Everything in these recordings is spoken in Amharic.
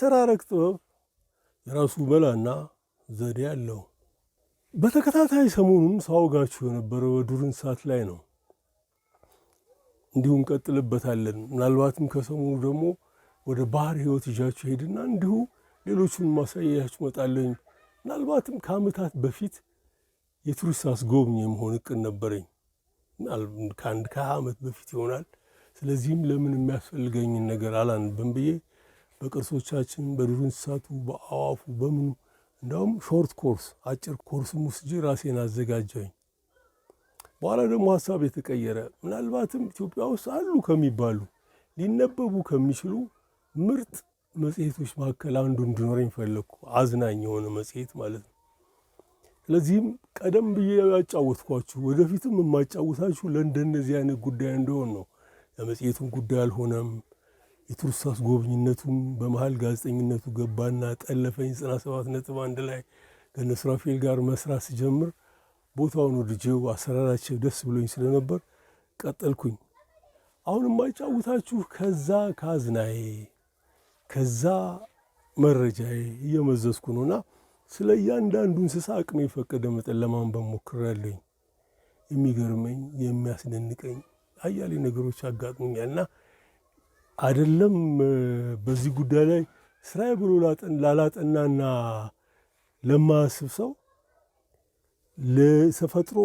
የአተራረክ ጥበብ የራሱ መላና ዘዴ አለው። በተከታታይ ሰሞኑን ሳውጋችሁ የነበረው በዱር እንስሳት ላይ ነው። እንዲሁ እንቀጥልበታለን። ምናልባትም ከሰሞኑ ደግሞ ወደ ባህር ህይወት ይዣችሁ ሄድና እንዲሁ ሌሎቹን ማሳያችሁ መጣለኝ። ምናልባትም ከአመታት በፊት የቱሪስት አስጎብኝ የመሆን እቅድ ነበረኝ። ከአንድ ከሀ ዓመት በፊት ይሆናል። ስለዚህም ለምን የሚያስፈልገኝን ነገር አላንብም ብዬ በቅርሶቻችን በዱር እንስሳቱ በአዋፉ በምኑ እንዲሁም ሾርት ኮርስ አጭር ኮርስም ውስጄ ራሴን አዘጋጀኝ። በኋላ ደግሞ ሀሳብ የተቀየረ ምናልባትም ኢትዮጵያ ውስጥ አሉ ከሚባሉ ሊነበቡ ከሚችሉ ምርጥ መጽሔቶች መካከል አንዱ እንዲኖረኝ ፈለግኩ። አዝናኝ የሆነ መጽሔት ማለት ነው። ስለዚህም ቀደም ብዬ ያጫወትኳችሁ ወደፊትም የማጫወታችሁ ለእንደነዚህ አይነት ጉዳይ እንደሆን ነው። ለመጽሔቱን ጉዳይ አልሆነም። የቱሪስት አስጎብኝነቱም በመሀል ጋዜጠኝነቱ ገባና ጠለፈኝ። ዘጠና ሰባት ነጥብ አንድ ላይ ከነ ሱራፌል ጋር መስራት ስጀምር ቦታውን ወድጄው አሰራራቸው ደስ ብሎኝ ስለነበር ቀጠልኩኝ። አሁን የማጫውታችሁ ከዛ ካዝናዬ ከዛ መረጃዬ እየመዘዝኩ ነውና ስለ እያንዳንዱ እንስሳ አቅሜ የፈቀደ መጠን ለማንበብ ሞክሬያለሁኝ። የሚገርመኝ የሚያስደንቀኝ አያሌ ነገሮች አጋጥሞኛልና አይደለም በዚህ ጉዳይ ላይ ስራዬ ብሎ ላላጠናና ለማያስብ ሰው ለተፈጥሮ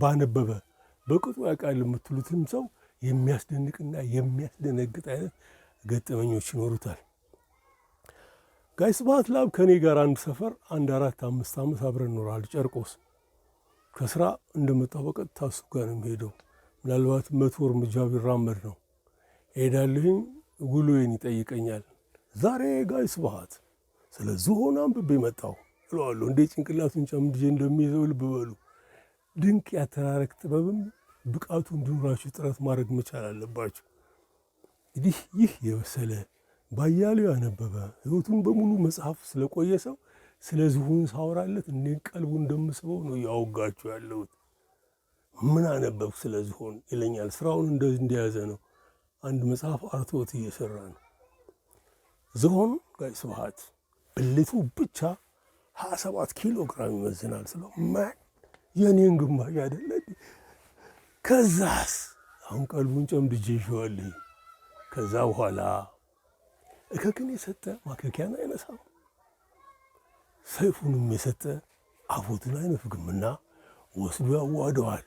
ባነበበ በቅጡ ያውቃል የምትሉትም ሰው የሚያስደንቅና የሚያስደነግጥ አይነት ገጠመኞች ይኖሩታል። ጋይ ስብሐት ለአብ ከእኔ ጋር አንድ ሰፈር አንድ አራት አምስት ዓመት አብረን ኖራል። ጨርቆስ ከስራ እንደመጣሁ በቀጥታ እሱ ጋር ነው የሚሄደው። ምናልባት መቶ እርምጃ ቢራመድ ነው ሄዳለሁኝ ውሎዬን ይጠይቀኛል። ዛሬ ጋይ ስብሐት ስለ ዝሆን አንብቤ መጣሁ እለዋለሁ። እንዴ ጭንቅላቱን ጨምድጄ እንደሚይዘው ልብ በሉ። ድንቅ ያተራረክ ጥበብም ብቃቱ እንዲኖራችሁ ጥረት ማድረግ መቻል አለባችሁ። እንግዲህ ይህ የበሰለ ባያሌው ያነበበ ህይወቱን በሙሉ መጽሐፍ ስለቆየ ሰው ስለ ዝሆን ሳወራለት እንደ ቀልቡ እንደምስበው ነው ያወጋችሁ ያለሁት። ምን አነበብክ ስለ ዝሆን ይለኛል። ስራውን እንደያዘ ነው አንድ መጽሐፍ አርትዖት እየሰራ ነው። ዝሆን ጋይ ስብሐት ብልቱ ብቻ ሀያ ሰባት ኪሎ ግራም ይመዝናል። ስለ ማን የኔን ግማሽ አይደለ? ከዛስ አሁን ቀልቡን ጨምድጄ ይሸዋል። ከዛ በኋላ እከክን የሰጠ ማከኪያን አይነሳም፣ ሰይፉንም የሰጠ አፎቱን አይነፍግምና ወስዶ ያዋደዋል።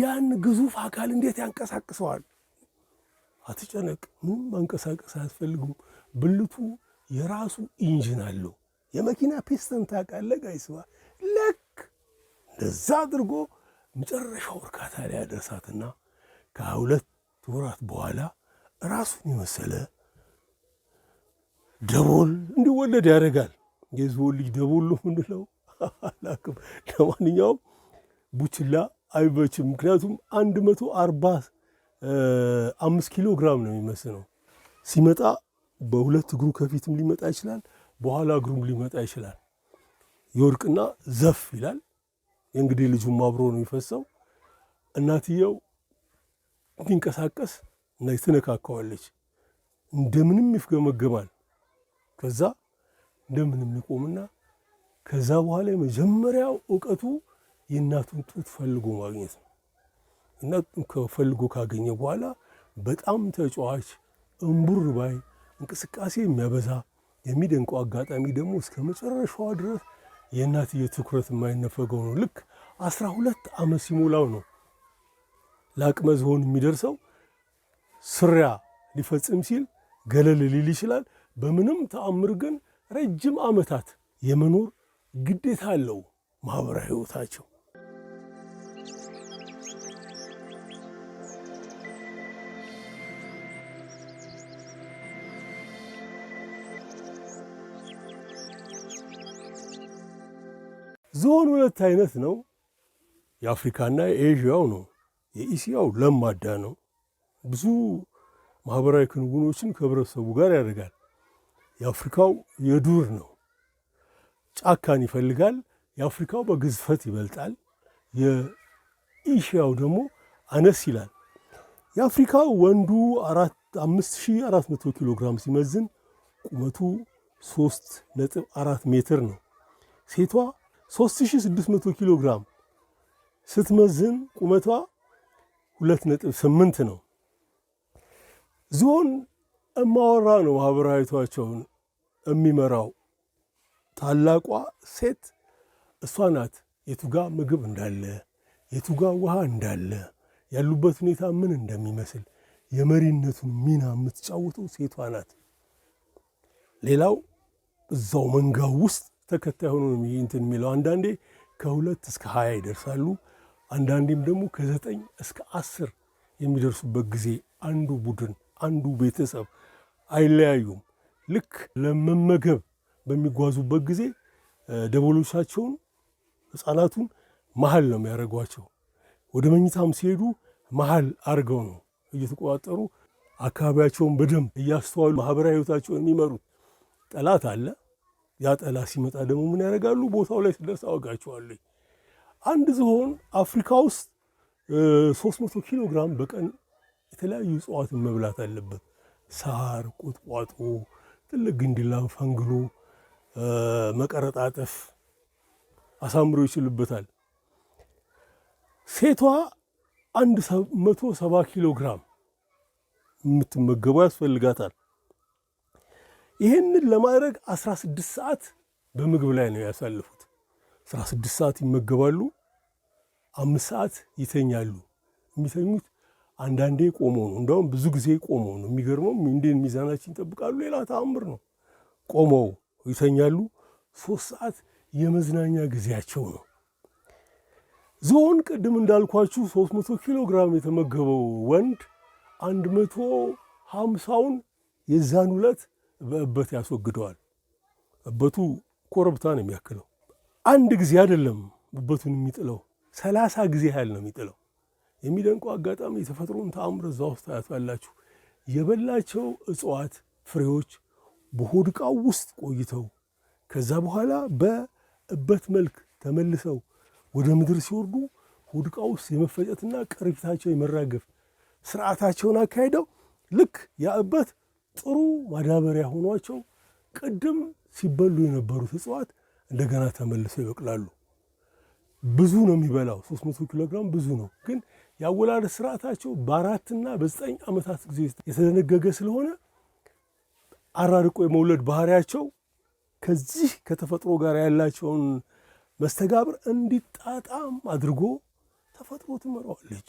ያን ግዙፍ አካል እንዴት ያንቀሳቅሰዋል? አትጨነቅ፣ ምንም ማንቀሳቀስ አያስፈልግም። ብልቱ የራሱ ኢንጂን አለው። የመኪና ፒስተን ታውቃለህ ጋይስባ ለክ እንደዛ አድርጎ መጨረሻው እርካታ ላይ ያደረሳትና ከሁለት ወራት በኋላ ራሱን የመሰለ ደቦል እንዲወለድ ያደርጋል። የዝሆን ልጅ ደቦል ነው ምንለው አላውቅም። ለማንኛውም ቡችላ አይበችም፣ ምክንያቱም አንድ መቶ አርባ አምስት ኪሎ ግራም ነው የሚመስለው። ሲመጣ በሁለት እግሩ ከፊትም ሊመጣ ይችላል፣ በኋላ እግሩም ሊመጣ ይችላል። የወርቅና ዘፍ ይላል። የእንግዲህ ልጁም አብሮ ነው የሚፈሰው። እናትየው እንዲንቀሳቀስ እና ትነካከዋለች። እንደምንም ይፍገመገማል። ከዛ እንደምንም ይቆምና ከዛ በኋላ የመጀመሪያው እውቀቱ የእናቱን ጡት ፈልጎ ማግኘት ነው። እና ከፈልጎ ካገኘ በኋላ በጣም ተጫዋች እምቡር ባይ እንቅስቃሴ የሚያበዛ የሚደንቀው አጋጣሚ ደግሞ እስከ መጨረሻዋ ድረስ የእናትየ ትኩረት የማይነፈገው ነው። ልክ አስራ ሁለት ዓመት ሲሞላው ነው ለአቅመ ዝሆን የሚደርሰው። ስሪያ ሊፈጽም ሲል ገለል ሊል ይችላል። በምንም ተአምር ግን ረጅም ዓመታት የመኖር ግዴታ አለው ማኅበራዊ ሕይወታቸው። ዞን ሁለት አይነት ነው። የአፍሪካና የኤዥያው ነው። የኢስያው ለማዳ ነው። ብዙ ማህበራዊ ክንውኖችን ከህብረተሰቡ ጋር ያደርጋል። የአፍሪካው የዱር ነው። ጫካን ይፈልጋል። የአፍሪካው በግዝፈት ይበልጣል። የኢሽያው ደግሞ አነስ ይላል። የአፍሪካው ወንዱ አምስት ሺህ አራት መቶ ኪሎ ግራም ሲመዝን ቁመቱ ሶስት ነጥብ አራት ሜትር ነው። ሴቷ 3600 ኪሎ ግራም ስትመዝን ቁመቷ 2.8 ነው። ዝሆን እማወራ ነው ማህበራዊቷቸውን የሚመራው ታላቋ ሴት እሷ ናት። የቱጋ ምግብ እንዳለ የቱጋ ውሃ እንዳለ ያሉበት ሁኔታ ምን እንደሚመስል የመሪነቱን ሚና የምትጫወተው ሴቷ ናት። ሌላው እዛው መንጋው ውስጥ ተከታይ ሆኖ ነው እንትን የሚለው አንዳንዴ ከሁለት እስከ ሀያ ይደርሳሉ። አንዳንዴም ደግሞ ከዘጠኝ እስከ አስር የሚደርሱበት ጊዜ አንዱ ቡድን አንዱ ቤተሰብ አይለያዩም። ልክ ለመመገብ በሚጓዙበት ጊዜ ደቦሎቻቸውን ህፃናቱን መሀል ነው የሚያደርጓቸው። ወደ መኝታም ሲሄዱ መሀል አድርገው ነው እየተቆጣጠሩ አካባቢያቸውን በደንብ እያስተዋሉ ማህበራዊ ህይወታቸውን የሚመሩት። ጠላት አለ ያ ጠላት ሲመጣ ደግሞ ምን ያደርጋሉ? ቦታው ላይ ስደርስ አወጋቸዋለሁ። አንድ ዝሆን አፍሪካ ውስጥ 300 ኪሎ ግራም በቀን የተለያዩ እጽዋትን መብላት አለበት። ሳር፣ ቁጥቋጦ፣ ትልቅ ግንድላን ፈንግሎ መቀረጣጠፍ አሳምሮ ይችልበታል። ሴቷ አንድ መቶ ሰባ ኪሎ ግራም የምትመገበው ያስፈልጋታል። ይህንን ለማድረግ 16 ሰዓት በምግብ ላይ ነው ያሳለፉት። 16 ሰዓት ይመገባሉ፣ አምስት ሰዓት ይተኛሉ። የሚተኙት አንዳንዴ ቆመው ነው። እንዲሁም ብዙ ጊዜ ቆመው ነው። የሚገርመው እንዴት ሚዛናችን ይጠብቃሉ! ሌላ ተአምር ነው። ቆመው ይተኛሉ። ሶስት ሰዓት የመዝናኛ ጊዜያቸው ነው። ዝሆን ቅድም እንዳልኳችሁ 300 ኪሎ ግራም የተመገበው ወንድ 150ውን የዛን ዕለት በእበት ያስወግደዋል። እበቱ ኮረብታ ነው የሚያክለው። አንድ ጊዜ አይደለም እበቱን የሚጥለው ሰላሳ ጊዜ ያህል ነው የሚጥለው። የሚደንቀው አጋጣሚ የተፈጥሮን ተአምር እዛ ውስጥ ታያላችሁ። የበላቸው እጽዋት ፍሬዎች በሆድ ዕቃው ውስጥ ቆይተው ከዛ በኋላ በእበት መልክ ተመልሰው ወደ ምድር ሲወርዱ ሆድ ዕቃ ውስጥ የመፈጨትና ቅሪታቸው የመራገፍ ስርዓታቸውን አካሄደው ልክ ያ እበት ጥሩ ማዳበሪያ ሆኗቸው ቅድም ሲበሉ የነበሩት እጽዋት እንደገና ተመልሰው ይበቅላሉ። ብዙ ነው የሚበላው፣ 300 ኪሎ ግራም ብዙ ነው። ግን የአወላደ ስርዓታቸው በአራትና በዘጠኝ ዓመታት ጊዜ የተደነገገ ስለሆነ አራርቆ የመውለድ ባህሪያቸው ከዚህ ከተፈጥሮ ጋር ያላቸውን መስተጋብር እንዲጣጣም አድርጎ ተፈጥሮ ትመራዋለች።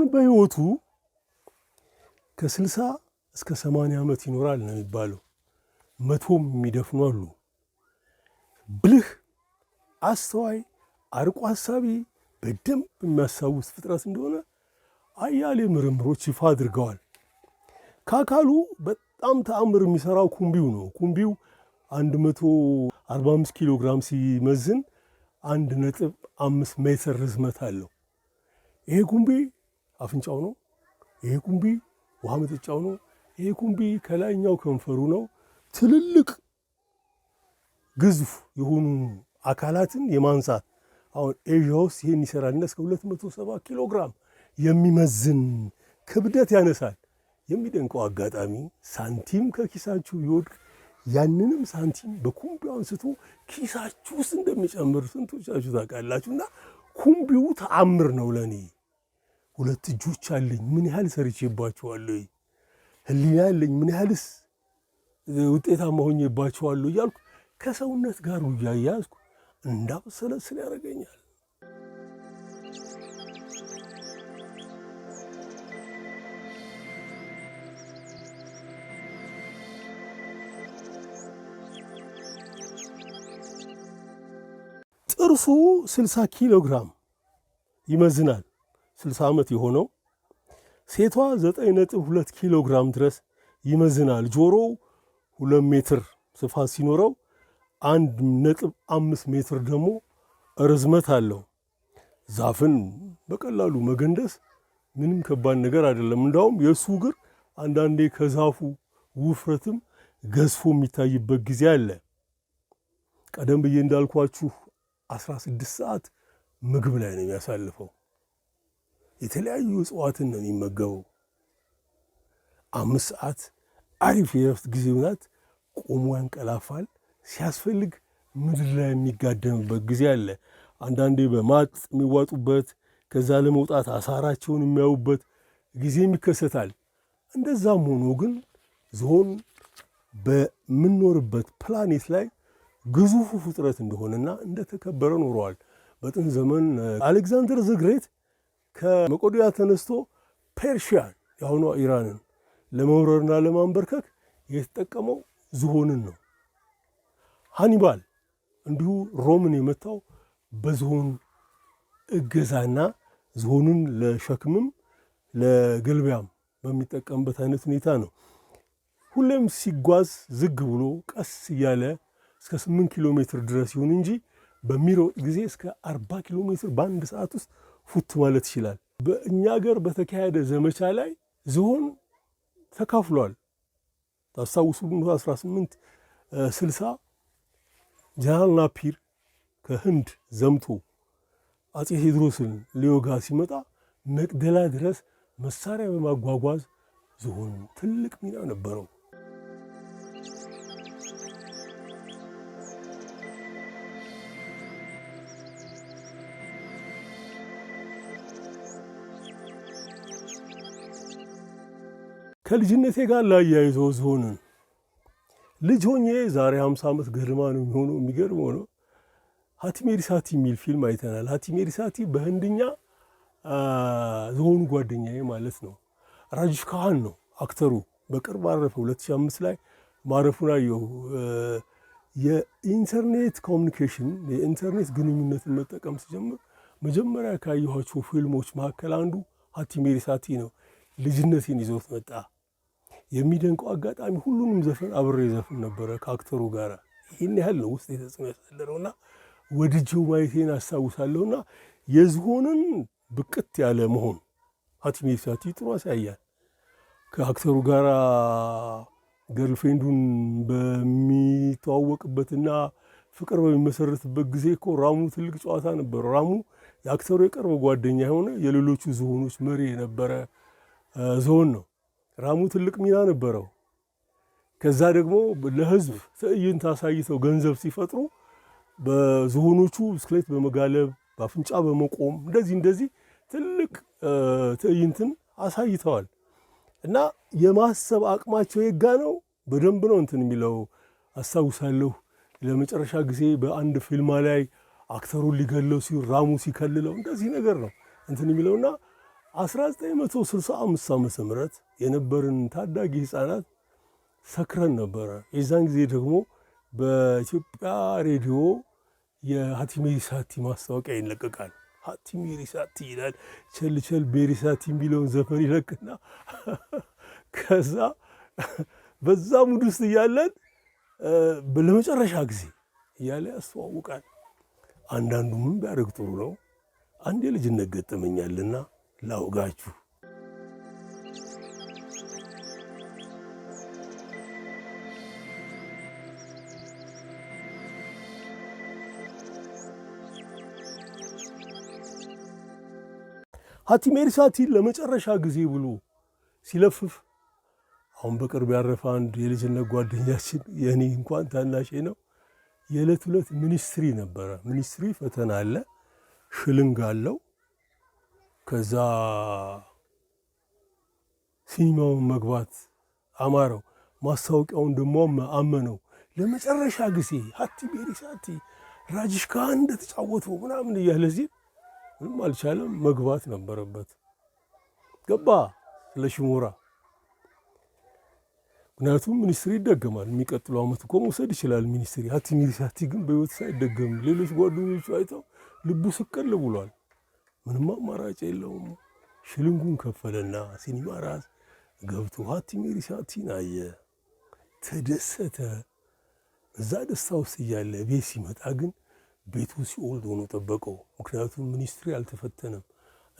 አሁን በህይወቱ ከስልሳ እስከ ሰማንያ ዓመት ይኖራል ነው የሚባለው። መቶም የሚደፍኑ አሉ። ብልህ፣ አስተዋይ፣ አርቆ ሀሳቢ በደንብ የሚያሳውስ ፍጥረት እንደሆነ አያሌ ምርምሮች ይፋ አድርገዋል። ከአካሉ በጣም ተአምር የሚሰራው ኩምቢው ነው። ኩምቢው 145 ኪሎ ግራም ሲመዝን አንድ ነጥብ አምስት ሜትር ርዝመት አለው። ይሄ ኩምቢ አፍንጫው ነው። ይሄ ኩምቢ ውሃ መጠጫው ነው። ይሄ ኩምቢ ከላይኛው ከንፈሩ ነው። ትልልቅ ግዙፍ የሆኑ አካላትን የማንሳት አሁን ኤዥያ ውስጥ ይህን ይሰራል እና እስከ 270 ኪሎ ግራም የሚመዝን ክብደት ያነሳል። የሚደንቀው አጋጣሚ ሳንቲም ከኪሳችሁ ቢወድቅ ያንንም ሳንቲም በኩምቢ አንስቶ ኪሳችሁ ውስጥ እንደሚጨምር ስንቶቻችሁ ታውቃላችሁ? እና ኩምቢው ተአምር ነው ለእኔ። ሁለት እጆች አለኝ፣ ምን ያህል ሰርቼባቸዋለሁ፣ ህሊና አለኝ፣ ምን ያህልስ ውጤታማ ሆኜባቸዋለሁ እያልኩ ከሰውነት ጋር እያያዝኩ እንዳብሰለስል ያደርገኛል። ጥርሱ 60 ኪሎ ግራም ይመዝናል። 60 ዓመት የሆነው ሴቷ 9.2 ኪሎ ግራም ድረስ ይመዝናል። ጆሮው 2 ሜትር ስፋት ሲኖረው 1.5 ሜትር ደግሞ ርዝመት አለው። ዛፍን በቀላሉ መገንደስ ምንም ከባድ ነገር አይደለም። እንዳውም የእሱ እግር አንዳንዴ ከዛፉ ውፍረትም ገዝፎ የሚታይበት ጊዜ አለ። ቀደም ብዬ እንዳልኳችሁ 16 ሰዓት ምግብ ላይ ነው የሚያሳልፈው። የተለያዩ እጽዋትን ነው የሚመገበው። አምስት ሰዓት አሪፍ የረፍት ጊዜ ናት። ቆሞ ያንቀላፋል። ሲያስፈልግ ምድር ላይ የሚጋደምበት ጊዜ አለ። አንዳንዴ በማጥ የሚዋጡበት ከዛ ለመውጣት አሳራቸውን የሚያዩበት ጊዜም ይከሰታል። እንደዛም ሆኖ ግን ዝሆን በምንኖርበት ፕላኔት ላይ ግዙፉ ፍጥረት እንደሆነና እንደተከበረ ኖረዋል። በጥንት ዘመን አሌክዛንደር ዘግሬት ከመቆዶንያ ተነስቶ ፔርሺያን የአሁኗ ኢራንን ለመውረርና ለማንበርከክ የተጠቀመው ዝሆንን ነው። ሃኒባል እንዲሁ ሮምን የመታው በዝሆን እገዛና ዝሆኑን ለሸክምም ለገልቢያም በሚጠቀምበት አይነት ሁኔታ ነው። ሁሌም ሲጓዝ ዝግ ብሎ ቀስ እያለ እስከ ስምንት ኪሎ ሜትር ድረስ ይሁን እንጂ በሚሮጥ ጊዜ እስከ አርባ ኪሎ ሜትር በአንድ ሰዓት ውስጥ ፉት ማለት ይችላል። በእኛ ሀገር በተካሄደ ዘመቻ ላይ ዝሆን ተካፍሏል። ታስታውሱ 1860 ጀነራል ናፒር ከህንድ ዘምቶ አጼ ቴዎድሮስን ሊወጋ ሲመጣ መቅደላ ድረስ መሳሪያ በማጓጓዝ ዝሆን ትልቅ ሚና ነበረው። ከልጅነቴ ጋር ላያይዘው ዝሆንን ልጅ ሆኜ ዛሬ ሀምሳ ዓመት ገድማ ነው የሚሆነው። የሚገርመው ነው ሀቲሜሪሳቲ የሚል ፊልም አይተናል። ሀቲሜሪሳቲ በህንድኛ ዝሆኑ ጓደኛዬ ማለት ነው። ራጅሽ ካህን ነው አክተሩ። በቅርብ አረፈ፣ 2005 ላይ ማረፉን አየሁ። የኢንተርኔት ኮሚኒኬሽን የኢንተርኔት ግንኙነትን መጠቀም ሲጀምር መጀመሪያ ካየኋቸው ፊልሞች መካከል አንዱ ሀቲሜሪሳቲ ነው። ልጅነቴን ይዞት መጣ። የሚደንቀው አጋጣሚ ሁሉንም ዘፈን አብሬ ዘፍን ነበረ ከአክተሩ ጋር። ይህን ያህል ነው ውስጥ የተጽዕኖ እና ወድጄው ማየቴን እና የዝሆንን ብቅት ያለ መሆን አትሜሳቲ ጥሩ ያሳያል። ከአክተሩ ጋር ገርልፍሬንዱን በሚተዋወቅበትና ፍቅር በሚመሰረትበት ጊዜ እኮ ራሙ ትልቅ ጨዋታ ነበረ። ራሙ የአክተሩ የቅርብ ጓደኛ የሆነ የሌሎቹ ዝሆኖች መሪ የነበረ ዝሆን ነው። ራሙ ትልቅ ሚና ነበረው። ከዛ ደግሞ ለህዝብ ትዕይንት አሳይተው ገንዘብ ሲፈጥሩ በዝሆኖቹ ብስክሌት በመጋለብ በአፍንጫ በመቆም እንደዚህ እንደዚህ ትልቅ ትዕይንትን አሳይተዋል እና የማሰብ አቅማቸው የጋ ነው። በደንብ ነው እንትን የሚለው አስታውሳለሁ። ለመጨረሻ ጊዜ በአንድ ፊልማ ላይ አክተሩን ሊገለው ራሙ ሲከልለው እንደዚህ ነገር ነው እንትን የሚለውና 1965 ዓመተ ምህረት የነበርን ታዳጊ ህፃናት ሰክረን ነበረ። የዛን ጊዜ ደግሞ በኢትዮጵያ ሬዲዮ የሀቲሜ ሪሳቲ ማስታወቂያ ይለቀቃል። ሀቲሜ ሪሳቲ ይላል። ቸልቸል ቤሪሳቲ የሚለውን ዘፈን ይለቅና ከዛ በዛ ሙድ ውስጥ እያለን ለመጨረሻ ጊዜ እያለ ያስተዋውቃል። አንዳንዱ ምን ቢያደርግ ጥሩ ነው? አንድ ልጅ ገጠመኛልና ላውጋችሁ። ሀቲሜርሳቲ ለመጨረሻ ጊዜ ብሎ ሲለፍፍ አሁን በቅርብ ያረፈ አንድ የልጅነት ጓደኛችን የእኔ እንኳን ታናሼ ነው። የዕለት ዕለት ሚኒስትሪ ነበረ። ሚኒስትሪ ፈተና አለ፣ ሽልንግ አለው ከዛ ሲኒማውን መግባት አማረው። ማስታወቂያውን ደሞ አመነው። ለመጨረሻ ጊዜ ሀቲ ቤሪሳቲ ራጅሽ ካን እንደተጫወቱ ምናምን እያለ ዚህ ምንም አልቻለም። መግባት ነበረበት። ገባ ለሽሙራ ምክንያቱም ሚኒስትሪ ይደገማል። የሚቀጥለው አመት እኮ መውሰድ ይችላል ሚኒስትሪ። ሀቲ ሚኒስትሪ ግን በህይወት ሳይደገም ሌሎች ጓደኞቹ አይተው ልቡ ስቅል ብሏል። ምንም አማራጭ የለውም። ሽልንጉን ከፈለና ሲኒማ ራስ ገብቶ ሀቲ ሜሪሳቲን አየ፣ ተደሰተ። እዛ ደስታ ውስጥ እያለ ቤት ሲመጣ ግን ቤቱ ሲኦል ሆኖ ጠበቀው። ምክንያቱም ሚኒስትሪ አልተፈተነም።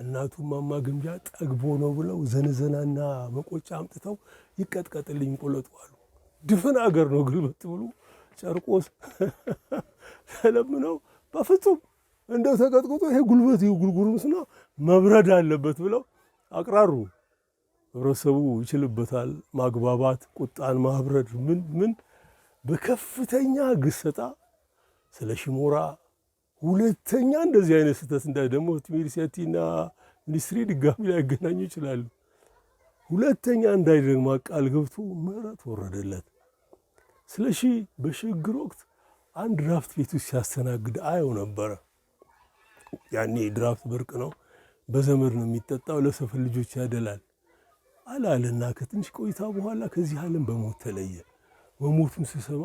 እናቱ ማማ ግምጃ ጠግቦ ነው ብለው ዘነዘናና መቆጫ አምጥተው ይቀጥቀጥልኝ ቆለጡ አሉ። ድፍን አገር ነው ግልበት ብሎ ጨርቆስ ተለምነው በፍጹም እንደ ተቀጥቅጦ ይሄ ጉልበት ጉርጉርምስና መብረድ አለበት ብለው አቅራሩ። ህብረተሰቡ ይችልበታል። ማግባባት፣ ቁጣን ማብረድ ምን ምን በከፍተኛ ግሰጣ ስለ ሽሞራ ሁለተኛ እንደዚህ አይነት ስህተት እንዳ ደግሞ ሚኒስቴርና ሚኒስትሪ ድጋሚ ላይገናኙ ይችላሉ። ሁለተኛ እንዳይደግማ ቃል ገብቶ ምህረት ወረደለት። ስለሺ በሽግግር ወቅት አንድ ራፍት ቤቱ ሲያስተናግድ አየው ነበረ። ያኔ ድራፍት ብርቅ ነው፣ በዘመድ ነው የሚጠጣው፣ ለሰፈር ልጆች ያደላል አላለና ከትንሽ ቆይታ በኋላ ከዚህ ዓለም በሞት ተለየ። በሞቱን ስሰማ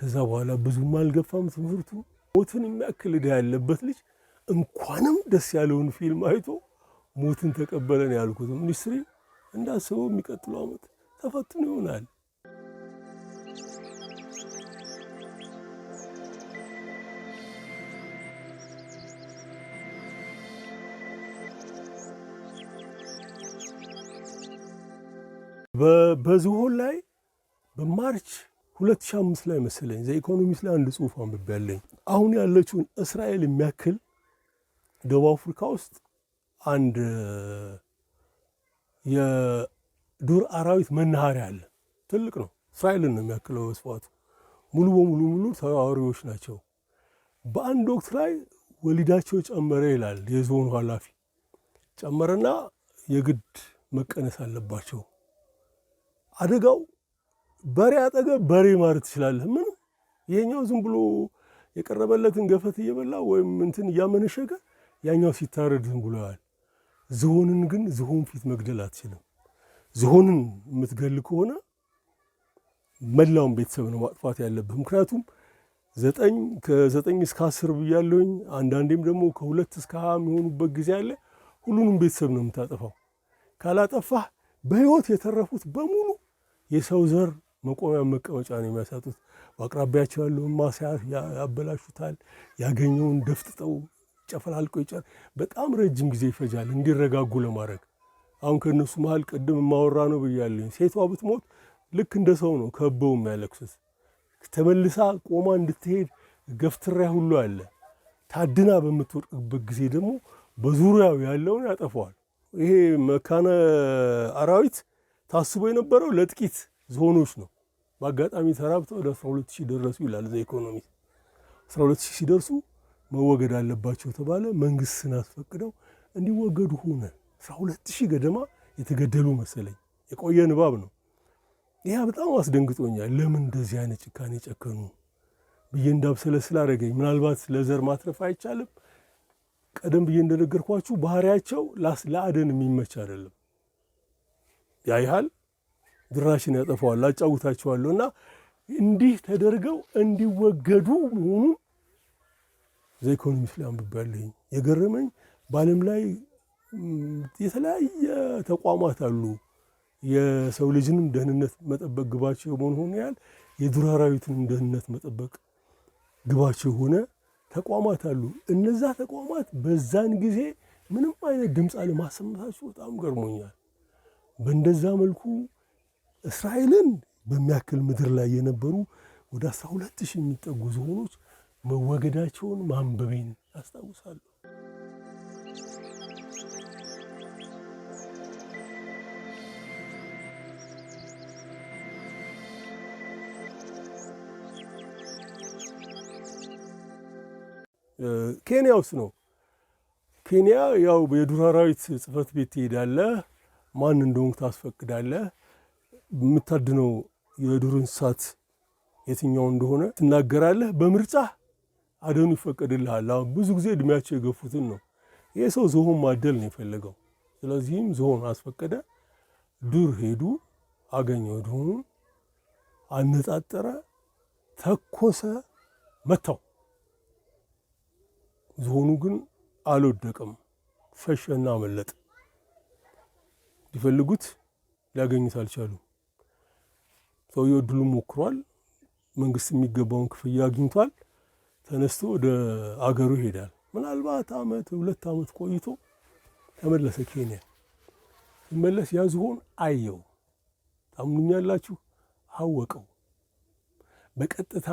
ከዛ በኋላ ብዙም አልገፋም ትምህርቱ። ሞትን የሚያክል ዕዳ ያለበት ልጅ እንኳንም ደስ ያለውን ፊልም አይቶ ሞትን ተቀበለን ያልኩት ሚኒስትሪ እንዳሰበው የሚቀጥለው ዓመት ተፈትኖ ይሆናል። በዝሆን ላይ በማርች 2005 ላይ መሰለኝ ዘኢኮኖሚስት ላይ አንድ ጽሁፍ አንብቤያለኝ። አሁን ያለችውን እስራኤል የሚያክል ደቡብ አፍሪካ ውስጥ አንድ የዱር አራዊት መናኸሪያ አለ። ትልቅ ነው። እስራኤልን ነው የሚያክለው በስፋቱ። ሙሉ በሙሉ ሙሉ ተዋሪዎች ናቸው። በአንድ ወቅት ላይ ወሊዳቸው ጨመረ ይላል የዞኑ ኃላፊ። ጨመረና የግድ መቀነስ አለባቸው አደጋው በሬ አጠገብ በሬ ማር ትችላለህ። ምን ይሄኛው ዝም ብሎ የቀረበለትን ገፈት እየበላ ወይም እንትን እያመነሸገ ያኛው ሲታረድ ዝም ብሎ ያል። ዝሆንን ግን ዝሆን ፊት መግደል አትችልም። ዝሆንን የምትገል ከሆነ መላውን ቤተሰብ ነው ማጥፋት ያለብህ። ምክንያቱም ዘጠኝ ከዘጠኝ እስከ አስር ብያለሁኝ። አንዳንዴም ደግሞ ከሁለት እስከ ሀያ የሚሆኑበት ጊዜ አለ። ሁሉንም ቤተሰብ ነው የምታጠፋው። ካላጠፋህ በህይወት የተረፉት በሙሉ የሰው ዘር መቆሚያ መቀመጫ ነው የሚያሳጡት። በአቅራቢያቸው ያለውን ማሳ ያበላሹታል። ያገኘውን ደፍጥጠው ጨፈላልቆ ይጫል። በጣም ረጅም ጊዜ ይፈጃል እንዲረጋጉ ለማድረግ። አሁን ከእነሱ መሀል ቅድም የማወራ ነው ብያለኝ። ሴቷ ብትሞት ልክ እንደ ሰው ነው ከበው የሚያለቅሱት። ተመልሳ ቆማ እንድትሄድ ገፍትሪያ ሁሉ አለ። ታድና በምትወድቅበት ጊዜ ደግሞ በዙሪያው ያለውን ያጠፈዋል። ይሄ መካነ አራዊት ታስቦ የነበረው ለጥቂት ዞኖች ነው። በአጋጣሚ ተራብተው ወደ 12000 ደረሱ ይላል ዘ ኢኮኖሚ። 12000 ሲደርሱ መወገድ አለባቸው ተባለ። መንግስት ስናስፈቅደው እንዲወገዱ ሆነ። 12000 ገደማ የተገደሉ መሰለኝ። የቆየ ንባብ ነው። ይህ በጣም አስደንግጦኛል። ለምን እንደዚህ አይነት ጭካኔ ጨከኑ ብዬ እንዳብሰለ ስላደረገኝ፣ ምናልባት ለዘር ማትረፍ አይቻልም። ቀደም ብዬ እንደነገርኳችሁ ባህሪያቸው ለአደን የሚመች አይደለም። ያይሃል ድራሽን ያጠፋዋል። አጫውታቸዋለሁ እና እንዲህ ተደርገው እንዲወገዱ መሆኑን ዘኢኮኖሚስት ላይ አንብቤያለሁኝ። የገረመኝ በዓለም ላይ የተለያየ ተቋማት አሉ። የሰው ልጅንም ደህንነት መጠበቅ ግባቸው የመሆን ሆኖ ያህል የዱር አራዊትንም ደህንነት መጠበቅ ግባቸው የሆነ ተቋማት አሉ። እነዛ ተቋማት በዛን ጊዜ ምንም አይነት ድምፅ አለማሰማታቸው በጣም ገርሞኛል። በእንደዛ መልኩ እስራኤልን በሚያክል ምድር ላይ የነበሩ ወደ አስራ ሁለት ሺህ የሚጠጉ ዝሆኖች መወገዳቸውን ማንበቤን አስታውሳለሁ። ኬንያ ውስጥ ነው። ኬንያ ያው የዱር አራዊት ጽህፈት ቤት ትሄዳለህ። ማን እንደሆንክ ታስፈቅዳለህ። የምታድነው የዱር እንስሳት የትኛው እንደሆነ ትናገራለህ። በምርጫ አደኑ ይፈቀድልሃል። ብዙ ጊዜ እድሜያቸው የገፉትን ነው። ይህ ሰው ዝሆን ማደል ነው የፈለገው። ስለዚህም ዝሆን አስፈቀደ። ዱር ሄዱ፣ አገኘው ድሆኑን፣ አነጣጠረ፣ ተኮሰ፣ መታው። ዝሆኑ ግን አልወደቅም፣ ፈሸና አመለጠ። ሊፈልጉት ሊያገኙት አልቻሉም። ሰውየው እድሉን ሞክሯል። መንግስት የሚገባውን ክፍያ አግኝቷል። ተነስቶ ወደ አገሩ ይሄዳል። ምናልባት አመት ሁለት አመት ቆይቶ ተመለሰ ኬንያ። ሲመለስ ያ ዝሆን አየው። ታምኑኛላችሁ? አወቀው። በቀጥታ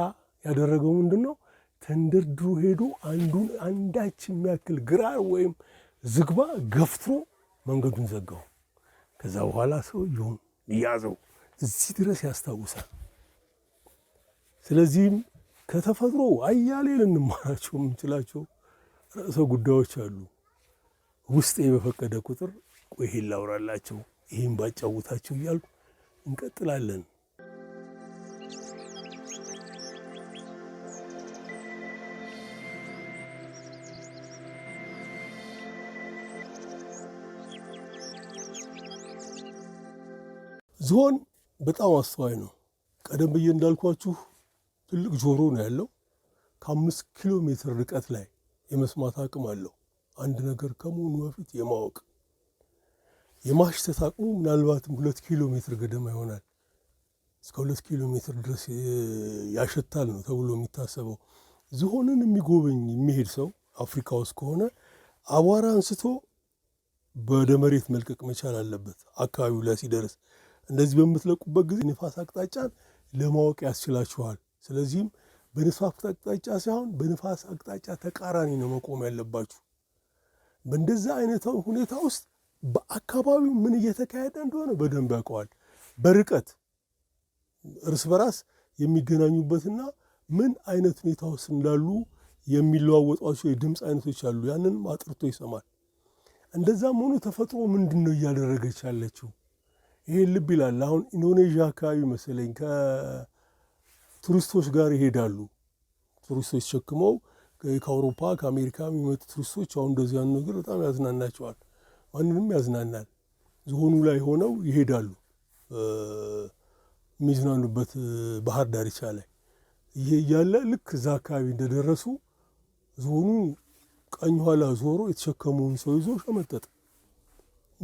ያደረገው ምንድን ነው? ተንደርድሮ ሄዶ አንዱን አንዳች የሚያክል ግራር ወይም ዝግባ ገፍትሮ መንገዱን ዘጋው። ከዛ በኋላ ሰውየውን ያዘው እዚህ ድረስ ያስታውሳል። ስለዚህም ከተፈጥሮ አያሌ ልንማራቸው የምንችላቸው ርዕሰ ጉዳዮች አሉ። ውስጤ በፈቀደ ቁጥር ቆይ ይሄን ላውራላቸው፣ ይህም ባጫውታቸው እያልኩ እንቀጥላለን። ዝሆን በጣም አስተዋይ ነው። ቀደም ብዬ እንዳልኳችሁ ትልቅ ጆሮ ነው ያለው። ከአምስት ኪሎ ሜትር ርቀት ላይ የመስማት አቅም አለው። አንድ ነገር ከመሆኑ በፊት የማወቅ የማሽተት አቅሙ ምናልባትም ሁለት ኪሎ ሜትር ገደማ ይሆናል። እስከ ሁለት ኪሎ ሜትር ድረስ ያሸታል ነው ተብሎ የሚታሰበው። ዝሆንን የሚጎበኝ የሚሄድ ሰው አፍሪካ ውስጥ ከሆነ አቧራ አንስቶ ወደ መሬት መልቀቅ መቻል አለበት አካባቢው ላይ ሲደርስ እንደዚህ በምትለቁበት ጊዜ ንፋስ አቅጣጫን ለማወቅ ያስችላችኋል። ስለዚህም በንፋስ አቅጣጫ ሳይሆን በንፋስ አቅጣጫ ተቃራኒ ነው መቆም ያለባችሁ። በእንደዛ አይነት ሁኔታ ውስጥ በአካባቢው ምን እየተካሄደ እንደሆነ በደንብ ያውቀዋል። በርቀት እርስ በራስ የሚገናኙበትና ምን አይነት ሁኔታ ውስጥ እንዳሉ የሚለዋወጧቸው የድምፅ አይነቶች አሉ። ያንንም አጥርቶ ይሰማል። እንደዛም ሆኖ ተፈጥሮ ምንድን ነው እያደረገች ያለችው ይሄ ልብ ይላል። አሁን ኢንዶኔዥያ አካባቢ መሰለኝ ከቱሪስቶች ጋር ይሄዳሉ። ቱሪስቶች ሸክመው ከአውሮፓ ከአሜሪካ የሚመጡ ቱሪስቶች አሁን እንደዚህ ያን ነገር በጣም ያዝናናቸዋል። ማንንም ያዝናናል። ዝሆኑ ላይ ሆነው ይሄዳሉ የሚዝናኑበት ባህር ዳርቻ ላይ ይሄ እያለ ልክ እዛ አካባቢ እንደደረሱ ዝሆኑ ቀኝ ኋላ ዞሮ የተሸከመውን ሰው ይዞ ሸመጠጥ።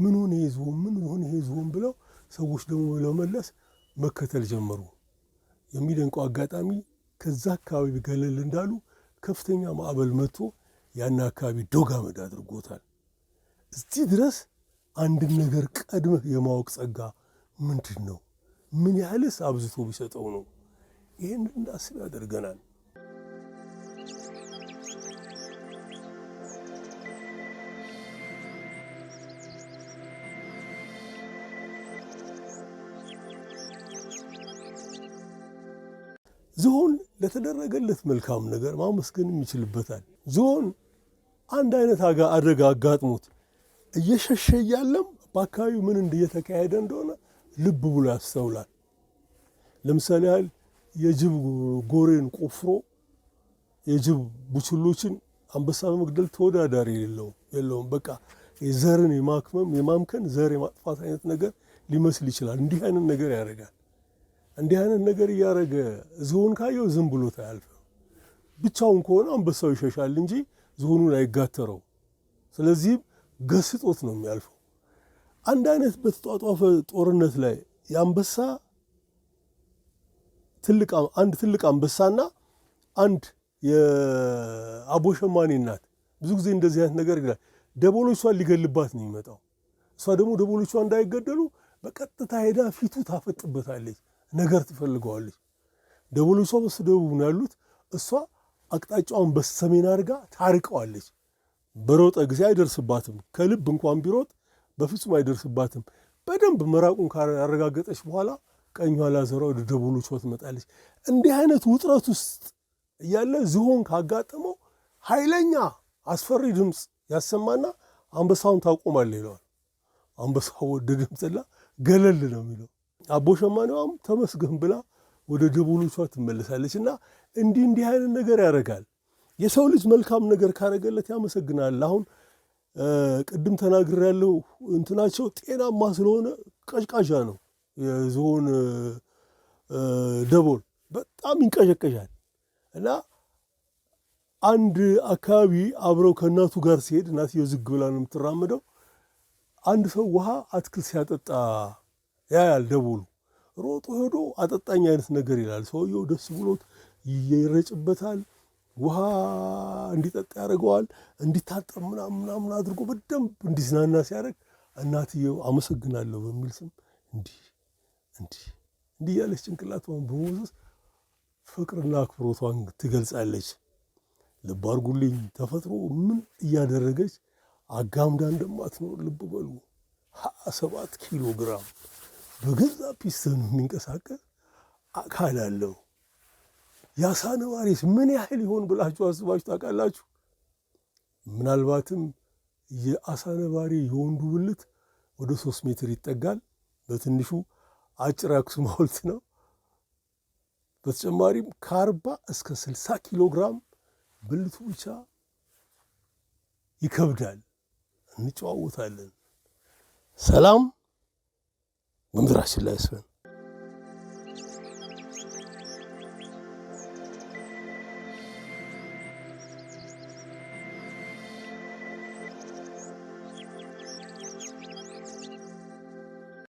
ምን ሆነ ይሄ ዝሆን? ምን ሆነ ይሄ ዝሆን ብለው ሰዎች ደግሞ ለመለስ መከተል ጀመሩ። የሚደንቀው አጋጣሚ ከዛ አካባቢ ገለል እንዳሉ ከፍተኛ ማዕበል መጥቶ ያን አካባቢ ዶጋመድ አድርጎታል። እዚህ ድረስ አንድን ነገር ቀድመህ የማወቅ ጸጋ ምንድን ነው? ምን ያህልስ አብዝቶ ቢሰጠው ነው? ይህን እንዳስብ ያደርገናል። ዝሆን ለተደረገለት መልካም ነገር ማመስገንም ይችልበታል። ዝሆን አንድ አይነት አደጋ አጋጥሞት እየሸሸ እያለም በአካባቢው ምን እየተካሄደ እንደሆነ ልብ ብሎ ያስተውላል። ለምሳሌ ያህል የጅብ ጎሬን ቆፍሮ የጅብ ቡችሎችን አንበሳ በመግደል ተወዳዳሪ የለውም። በቃ ዘርን የማክመም የማምከን ዘር የማጥፋት አይነት ነገር ሊመስል ይችላል። እንዲህ አይነት ነገር ያደርጋል። እንዲህ አይነት ነገር እያደረገ ዝሆን ካየው ዝም ብሎ አያልፍም። ብቻውን ከሆነ አንበሳው ይሸሻል እንጂ ዝሆኑን አይጋተረው። ስለዚህም ገስጦት ነው የሚያልፈው። አንድ አይነት በተጧጧፈ ጦርነት ላይ የአንበሳ አንድ ትልቅ አንበሳና አንድ የአቦሸማኔ እናት ብዙ ጊዜ እንደዚህ አይነት ነገር ይላል። ደቦሎቿን ሊገልባት ነው የሚመጣው። እሷ ደግሞ ደቦሎቿ እንዳይገደሉ በቀጥታ ሄዳ ፊቱ ታፈጥበታለች። ነገር ትፈልገዋለች። ደወሎቿ በስተደቡብ ነው ያሉት። እሷ አቅጣጫውን በስተሰሜን አድርጋ ታርቀዋለች። በሮጠ ጊዜ አይደርስባትም። ከልብ እንኳን ቢሮጥ በፍጹም አይደርስባትም። በደንብ መራቁን ካረጋገጠች በኋላ ቀኝ ኋላ ዘራ ወደ ደቦሎቿ ትመጣለች። እንዲህ አይነት ውጥረት ውስጥ እያለ ዝሆን ካጋጠመው ኃይለኛ አስፈሪ ድምፅ ያሰማና አንበሳውን ታቆማለህ ይለዋል። አንበሳው ወደ ድምፅላ ገለል ነው የሚለው። አቦ ሸማኔዋም ተመስገን ብላ ወደ ደቦሎቿ ትመለሳለች። እና እንዲህ እንዲህ አይነት ነገር ያደርጋል የሰው ልጅ መልካም ነገር ካረገለት ያመሰግናል። አሁን ቅድም ተናግር ያለው እንትናቸው ጤናማ ስለሆነ ቀዥቃዣ ነው። የዝሆን ደቦል በጣም ይንቀዠቀዣል እና አንድ አካባቢ አብረው ከእናቱ ጋር ሲሄድ እናትየው ዝግ ብላ ነው የምትራመደው። አንድ ሰው ውሃ አትክልት ሲያጠጣ ያያል ደቡሉ ሮጦ ሄዶ አጠጣኝ አይነት ነገር ይላል። ሰውየው ደስ ብሎት ይረጭበታል፣ ውሃ እንዲጠጥ ያደርገዋል፣ እንዲታጠብ ምናምን ምናምን አድርጎ በደንብ እንዲዝናና ሲያደርግ እናትየው አመሰግናለሁ በሚል ስም እንዲህ እንዲህ እንዲህ ያለች ጭንቅላቷን በመውዘዝ ፍቅርና አክብሮቷን ትገልጻለች። ልብ አድርጉልኝ፣ ተፈጥሮ ምን እያደረገች አጋምዳ እንደማትኖር ልብ በሉ። ሀያ ሰባት ኪሎ ግራም በገዛ ፒስተኑ የሚንቀሳቀስ አካል አለው። የአሳ ነዋሪስ ምን ያህል ይሆን ብላችሁ አስባችሁ ታውቃላችሁ? ምናልባትም የአሳ ነባሪ የወንዱ ብልት ወደ ሶስት ሜትር ይጠጋል። በትንሹ አጭር አክሱም ሐውልት ነው። በተጨማሪም ከአርባ እስከ ስልሳ ኪሎ ግራም ብልቱ ብቻ ይከብዳል። እንጨዋወታለን። ሰላም ومدرعش الأسفل